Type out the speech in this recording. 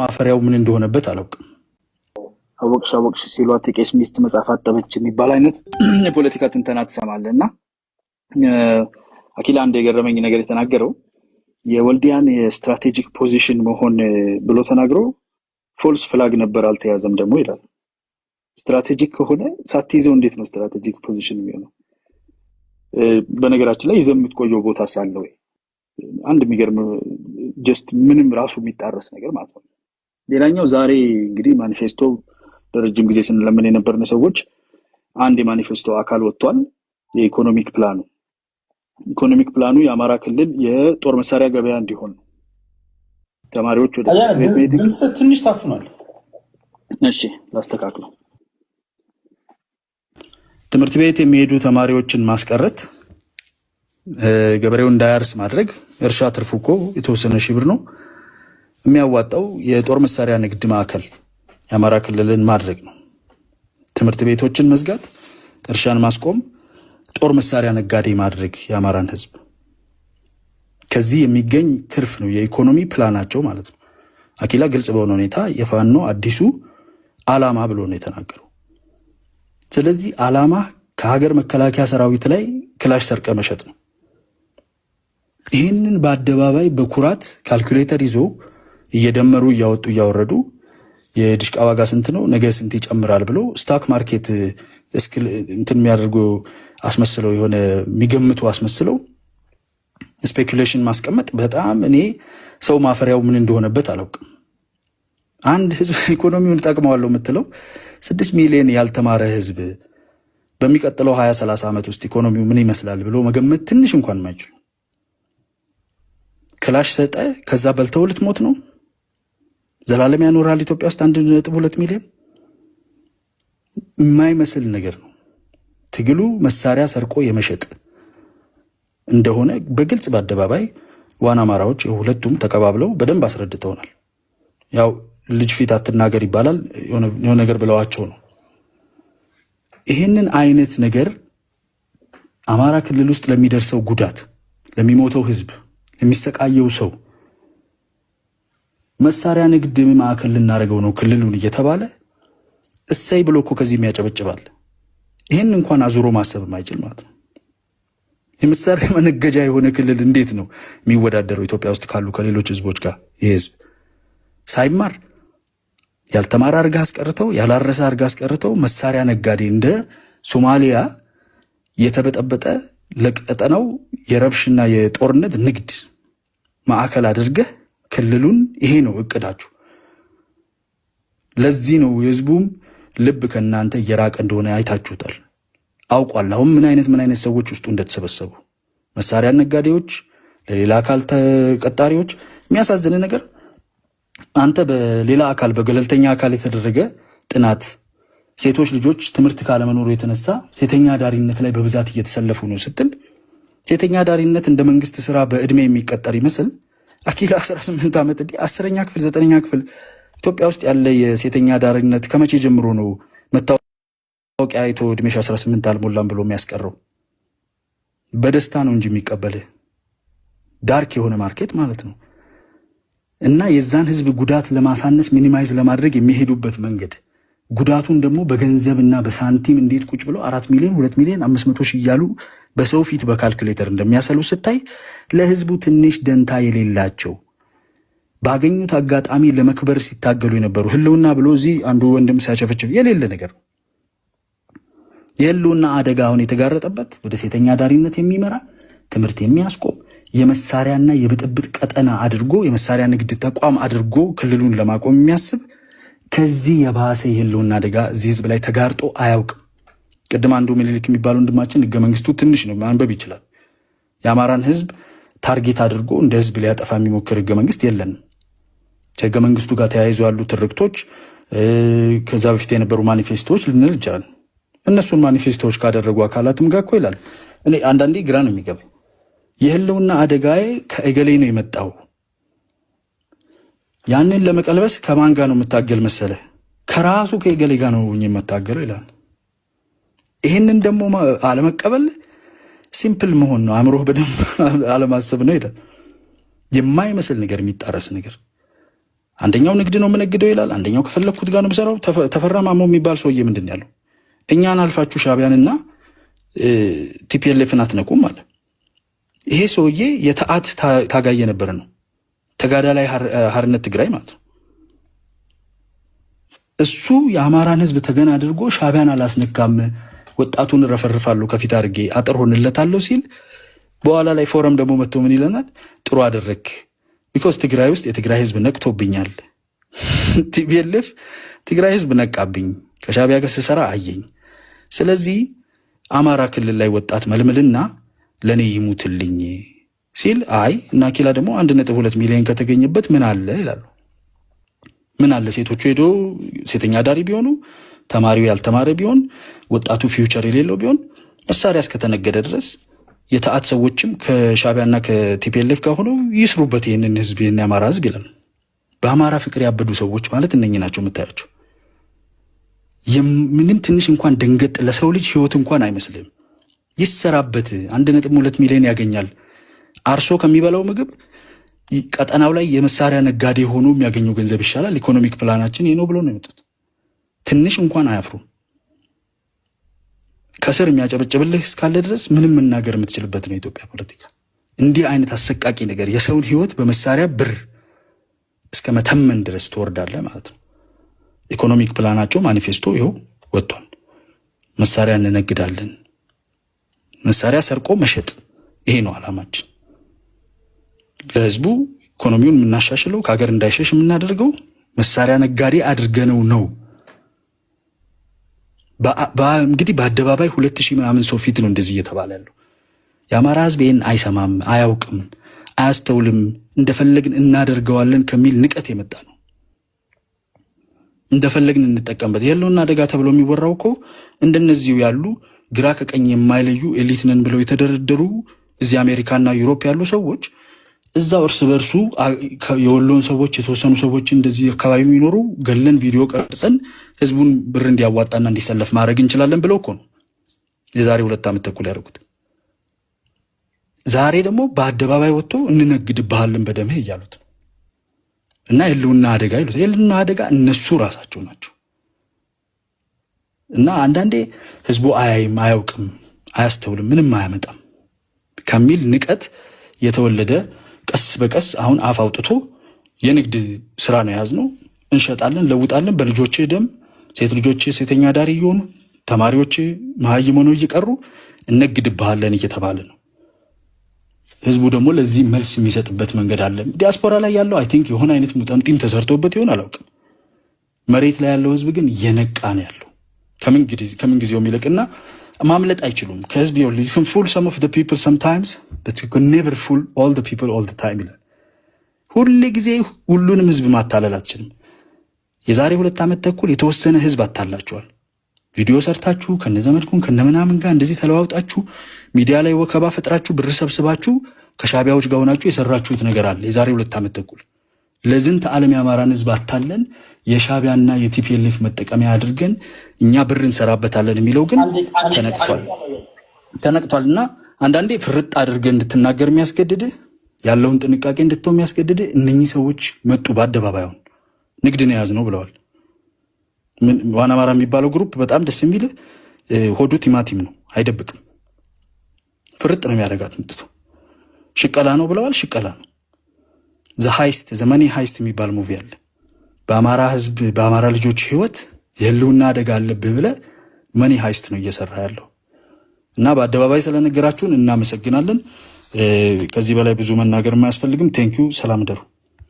ማፈሪያው ምን እንደሆነበት አላውቅም። አወቅሽ አወቅሽ ሲሏት የቄስ ሚስት መጽሐፍ አጠበች የሚባል አይነት የፖለቲካ ትንተና ትሰማለህ እና አኪላ አንድ የገረመኝ ነገር የተናገረው የወልዲያን የስትራቴጂክ ፖዚሽን መሆን ብሎ ተናግሮ ፎልስ ፍላግ ነበር አልተያዘም ደግሞ ይላል። ስትራቴጂክ ከሆነ ሳትይዘው እንዴት ነው ስትራቴጂክ ፖዚሽን የሚሆነው? በነገራችን ላይ ይዘ የምትቆየው ቦታ ሳለ ወይ አንድ የሚገርም ጀስት ምንም ራሱ የሚጣረስ ነገር ማለት ነው። ሌላኛው ዛሬ እንግዲህ ማኒፌስቶ ለረጅም ጊዜ ስንለምን የነበርን ሰዎች አንድ የማኒፌስቶ አካል ወጥቷል። የኢኮኖሚክ ፕላኑ ኢኮኖሚክ ፕላኑ የአማራ ክልል የጦር መሳሪያ ገበያ እንዲሆን ተማሪዎች ወደ ትንሽ ታፍኗል። እሺ ላስተካክለው። ትምህርት ቤት የሚሄዱ ተማሪዎችን ማስቀረት፣ ገበሬው እንዳያርስ ማድረግ። እርሻ ትርፉ እኮ የተወሰነ ሺህ ብር ነው የሚያዋጣው የጦር መሳሪያ ንግድ ማዕከል የአማራ ክልልን ማድረግ ነው። ትምህርት ቤቶችን መዝጋት፣ እርሻን ማስቆም፣ ጦር መሳሪያ ነጋዴ ማድረግ የአማራን ህዝብ ከዚህ የሚገኝ ትርፍ ነው የኢኮኖሚ ፕላናቸው ማለት ነው። አኪላ ግልጽ በሆነ ሁኔታ የፋኖ አዲሱ አላማ ብሎ ነው የተናገረው። ስለዚህ አላማ ከሀገር መከላከያ ሰራዊት ላይ ክላሽ ሰርቀ መሸጥ ነው። ይህንን በአደባባይ በኩራት ካልኩሌተር ይዞ እየደመሩ እያወጡ እያወረዱ የድሽቃ ዋጋ ስንት ነው ነገ ስንት ይጨምራል ብሎ ስታክ ማርኬት እንትን የሚያደርጉ አስመስለው የሆነ የሚገምቱ አስመስለው ስፔኩሌሽን ማስቀመጥ በጣም እኔ ሰው ማፈሪያው ምን እንደሆነበት አላውቅም። አንድ ህዝብ ኢኮኖሚውን እጠቅመዋለሁ የምትለው ስድስት ሚሊዮን ያልተማረ ህዝብ በሚቀጥለው ሀያ ሰላሳ ዓመት ውስጥ ኢኮኖሚው ምን ይመስላል ብሎ መገመት ትንሽ እንኳን ማይችሉ ክላሽ ሰጠ ከዛ በልተው ልትሞት ነው። ዘላለም ያኖራል ኢትዮጵያ ውስጥ አንድ ነጥብ ሁለት ሚሊዮን የማይመስል ነገር ነው። ትግሉ መሳሪያ ሰርቆ የመሸጥ እንደሆነ በግልጽ በአደባባይ ዋና አማራዎች ሁለቱም ተቀባብለው በደንብ አስረድተውናል። ያው ልጅ ፊት አትናገር ይባላል የሆነ ነገር ብለዋቸው ነው። ይህንን አይነት ነገር አማራ ክልል ውስጥ ለሚደርሰው ጉዳት፣ ለሚሞተው ህዝብ፣ ለሚሰቃየው ሰው መሳሪያ ንግድ ማዕከል ልናደርገው ነው ክልሉን እየተባለ እሰይ ብሎ እኮ ከዚህ የሚያጨበጭባል። ይህን እንኳን አዙሮ ማሰብ የማይችል ማለት ነው። የመሳሪያ መነገጃ የሆነ ክልል እንዴት ነው የሚወዳደረው ኢትዮጵያ ውስጥ ካሉ ከሌሎች ህዝቦች ጋር? ይህ ህዝብ ሳይማር ያልተማረ አርጋ አስቀርተው ያላረሰ አርጋ አስቀርተው መሳሪያ ነጋዴ እንደ ሶማሊያ የተበጠበጠ ለቀጠነው የረብሽና የጦርነት ንግድ ማዕከል አድርገህ ክልሉን ይሄ ነው እቅዳችሁ። ለዚህ ነው የህዝቡም ልብ ከእናንተ እየራቀ እንደሆነ አይታችሁታል፣ አውቋል። አሁን ምን አይነት ምን አይነት ሰዎች ውስጡ እንደተሰበሰቡ መሳሪያ ነጋዴዎች፣ ለሌላ አካል ተቀጣሪዎች። የሚያሳዝን ነገር አንተ በሌላ አካል በገለልተኛ አካል የተደረገ ጥናት ሴቶች ልጆች ትምህርት ካለመኖሩ የተነሳ ሴተኛ ዳሪነት ላይ በብዛት እየተሰለፉ ነው ስትል ሴተኛ ዳሪነት እንደ መንግስት ስራ በእድሜ የሚቀጠር ይመስል አኪል 18 ዓመት እንዲህ አስረኛ ክፍል ዘጠነኛ ክፍል ኢትዮጵያ ውስጥ ያለ የሴተኛ አዳሪነት ከመቼ ጀምሮ ነው መታወቂያ አይቶ እድሜሽ 18 አልሞላም ብሎ የሚያስቀረው? በደስታ ነው እንጂ የሚቀበልህ ዳርክ የሆነ ማርኬት ማለት ነው። እና የዛን ህዝብ ጉዳት ለማሳነስ ሚኒማይዝ ለማድረግ የሚሄዱበት መንገድ ጉዳቱን ደግሞ በገንዘብና በሳንቲም እንዴት ቁጭ ብለው አራት ሚሊዮን ሁለት ሚሊዮን አምስት መቶ ሺህ እያሉ በሰው ፊት በካልኩሌተር እንደሚያሰሉ ስታይ ለህዝቡ ትንሽ ደንታ የሌላቸው ባገኙት አጋጣሚ ለመክበር ሲታገሉ የነበሩ ህልውና ብሎ እዚህ አንዱ ወንድም ሲያጨፈጭፍ የሌለ ነገር የህልውና አደጋ አሁን የተጋረጠበት ወደ ሴተኛ አዳሪነት የሚመራ ትምህርት የሚያስቆም የመሳሪያና የብጥብጥ ቀጠና አድርጎ የመሳሪያ ንግድ ተቋም አድርጎ ክልሉን ለማቆም የሚያስብ ከዚህ የባሰ የህልውና አደጋ እዚህ ህዝብ ላይ ተጋርጦ አያውቅም። ቅድም አንዱ ምኒልክ የሚባል ወንድማችን ህገ መንግስቱ ትንሽ ነው፣ ማንበብ ይችላል። የአማራን ህዝብ ታርጌት አድርጎ እንደ ህዝብ ሊያጠፋ የሚሞክር ህገ መንግስት የለንም። ከህገ መንግስቱ ጋር ተያይዞ ያሉ ትርክቶች፣ ከዛ በፊት የነበሩ ማኒፌስቶዎች ልንል ይችላል። እነሱን ማኒፌስቶዎች ካደረጉ አካላትም ጋር እኮ ይላል። እኔ አንዳንዴ ግራ ነው የሚገባኝ። የህልውና አደጋዬ ከእገሌ ነው የመጣው ያንን ለመቀልበስ ከማን ጋር ነው የምታገል መሰለ ከራሱ ከገሌ ጋር ነው የምታገለው ይላል። ይህንን ደግሞ አለመቀበል ሲምፕል መሆን ነው፣ አእምሮህ በደንብ አለማሰብ ነው ይላል። የማይመስል ነገር፣ የሚጣረስ ነገር። አንደኛው ንግድ ነው የምነግደው ይላል፣ አንደኛው ከፈለግኩት ጋር ነው የምሰራው። ተፈራ ማሞ የሚባል ሰውዬ ምንድን ያለው እኛን አልፋችሁ ሻቢያንና ቲፒኤልኤፍን አትነቁም አለ። ይሄ ሰውዬ የተአት ታጋይ የነበረ ነው። ተጋዳላይ ሀርነት ትግራይ ማለት ነው። እሱ የአማራን ህዝብ ተገን አድርጎ ሻቢያን አላስነካም፣ ወጣቱን እረፈርፋለሁ፣ ከፊት አድርጌ አጥር ሆንለታለሁ ሲል በኋላ ላይ ፎረም ደግሞ መጥቶ ምን ይለናል? ጥሩ አደረግ ቢኮዝ ትግራይ ውስጥ የትግራይ ህዝብ ነቅቶብኛል። ቲቢልፍ ትግራይ ህዝብ ነቃብኝ፣ ከሻቢያ ጋር ስሰራ አየኝ። ስለዚህ አማራ ክልል ላይ ወጣት መልምልና ለእኔ ይሙትልኝ ሲል አይ እና ኪላ ደግሞ አንድ ነጥብ ሁለት ሚሊዮን ከተገኘበት ምን አለ ይላሉ። ምን አለ ሴቶቹ ሄዶ ሴተኛ አዳሪ ቢሆኑ፣ ተማሪው ያልተማረ ቢሆን፣ ወጣቱ ፊውቸር የሌለው ቢሆን መሳሪያ እስከተነገደ ድረስ የተአት ሰዎችም ከሻቢያና ከቲፒኤልኤፍ ጋር ሆነው ይስሩበት ይህንን ህዝብ ይህን የአማራ ህዝብ ይላል። በአማራ ፍቅር ያበዱ ሰዎች ማለት እነኚህ ናቸው የምታያቸው። ምንም ትንሽ እንኳን ደንገጥ ለሰው ልጅ ህይወት እንኳን አይመስልም። ይሰራበት አንድ ነጥብ ሁለት ሚሊዮን ያገኛል አርሶ ከሚበላው ምግብ ቀጠናው ላይ የመሳሪያ ነጋዴ ሆኖ የሚያገኘው ገንዘብ ይሻላል። ኢኮኖሚክ ፕላናችን ይሄ ነው ብሎ ነው የመጡት። ትንሽ እንኳን አያፍሩም። ከስር የሚያጨበጭብልህ እስካለ ድረስ ምንም መናገር የምትችልበት ነው የኢትዮጵያ ፖለቲካ። እንዲህ አይነት አሰቃቂ ነገር የሰውን ህይወት በመሳሪያ ብር እስከ መተመን ድረስ ትወርዳለ ማለት ነው። ኢኮኖሚክ ፕላናቸው ማኒፌስቶ ይኸው ወጥቷል። መሳሪያ እንነግዳለን፣ መሳሪያ ሰርቆ መሸጥ ይሄ ነው አላማችን። ለህዝቡ ኢኮኖሚውን የምናሻሽለው ከሀገር እንዳይሸሽ የምናደርገው መሳሪያ ነጋዴ አድርገነው ነው። እንግዲህ በአደባባይ ሁለት ሺህ ምናምን ሰው ፊት ነው እንደዚህ እየተባለ ያለው። የአማራ ህዝብ ይህን አይሰማም፣ አያውቅም፣ አያስተውልም እንደፈለግን እናደርገዋለን ከሚል ንቀት የመጣ ነው። እንደፈለግን እንጠቀምበት ያለውና አደጋ ተብሎ የሚወራው እኮ እንደነዚሁ ያሉ ግራ ከቀኝ የማይለዩ ኤሊት ነን ብለው የተደረደሩ እዚህ አሜሪካና ዩሮፕ ያሉ ሰዎች እዛው እርስ በእርሱ የወሎን ሰዎች የተወሰኑ ሰዎች እንደዚህ አካባቢ የሚኖሩ ገለን ቪዲዮ ቀርጸን ህዝቡን ብር እንዲያዋጣና እንዲሰለፍ ማድረግ እንችላለን ብለው እኮ ነው የዛሬ ሁለት ዓመት ተኩል ያደርጉት። ዛሬ ደግሞ በአደባባይ ወጥቶ እንነግድብሃለን በደምህ እያሉት እና የህልውና አደጋ ይሉት። የህልውና አደጋ እነሱ ራሳቸው ናቸው። እና አንዳንዴ ህዝቡ አያይም፣ አያውቅም፣ አያስተውልም፣ ምንም አያመጣም ከሚል ንቀት የተወለደ ቀስ በቀስ አሁን አፍ አውጥቶ የንግድ ስራ ነው የያዝነው። እንሸጣለን፣ ለውጣለን። በልጆቼ ደም ሴት ልጆች ሴተኛ ዳሪ እየሆኑ ተማሪዎች መሀይም ሆነው እየቀሩ እነግድብሃለን እየተባለ ነው። ህዝቡ ደግሞ ለዚህ መልስ የሚሰጥበት መንገድ አለ። ዲያስፖራ ላይ ያለው አይ ቲንክ የሆነ አይነት ሙጠምጢም ተሰርቶበት ይሆን አላውቅም። መሬት ላይ ያለው ህዝብ ግን የነቃ ነው ያለው ከምንጊዜውም ይልቅና ማምለጥ አይችሉም ከህዝብ ዩ ካን ፉል ሰም ኦፍ ፒፕል ሰምታይምስ በት ዩ ካን ኔቨር ፉል ኦል ፒፕል ኦል ዘ ታይም ይላል። ሁሌ ጊዜ ሁሉንም ህዝብ ማታለል አትችልም። የዛሬ ሁለት ዓመት ተኩል የተወሰነ ህዝብ አታላችኋል። ቪዲዮ ሰርታችሁ ከነ ምናምን ጋር እንደዚህ ተለዋውጣችሁ ሚዲያ ላይ ወከባ ፈጥራችሁ ብር ሰብስባችሁ ከሻቢያዎች ጋር ሆናችሁ የሰራችሁት ነገር አለ። የዛሬ ሁለት ዓመት ተኩል ለዝንተ ዓለም የአማራን ህዝብ አታለን የሻቢያና የቲፒኤልኤፍ መጠቀሚያ አድርገን እኛ ብር እንሰራበታለን የሚለው ግን ተነቅቷል ተነቅቷል እና አንዳንዴ ፍርጥ አድርገ እንድትናገር የሚያስገድድህ ያለውን ጥንቃቄ እንድትተው የሚያስገድድህ እነኚህ ሰዎች መጡ በአደባባይ አሁን ንግድን የያዝ ነው ብለዋል። ዋና አማራ የሚባለው ግሩፕ በጣም ደስ የሚል ሆዱ ቲማቲም ነው፣ አይደብቅም። ፍርጥ ነው የሚያደርጋት ምትቱ ሽቀላ ነው ብለዋል። ሽቀላ ነው ዘ ሃይስት ዘመኔ ሃይስት የሚባል ሙቪ አለ። በአማራ ህዝብ በአማራ ልጆች ህይወት የህልውና አደጋ አለብህ ብለ መኒ ሀይስት ነው እየሰራ ያለው እና በአደባባይ ስለነገራችሁን እናመሰግናለን። ከዚህ በላይ ብዙ መናገር የማያስፈልግም። ቴንኪዩ። ሰላም ደሩ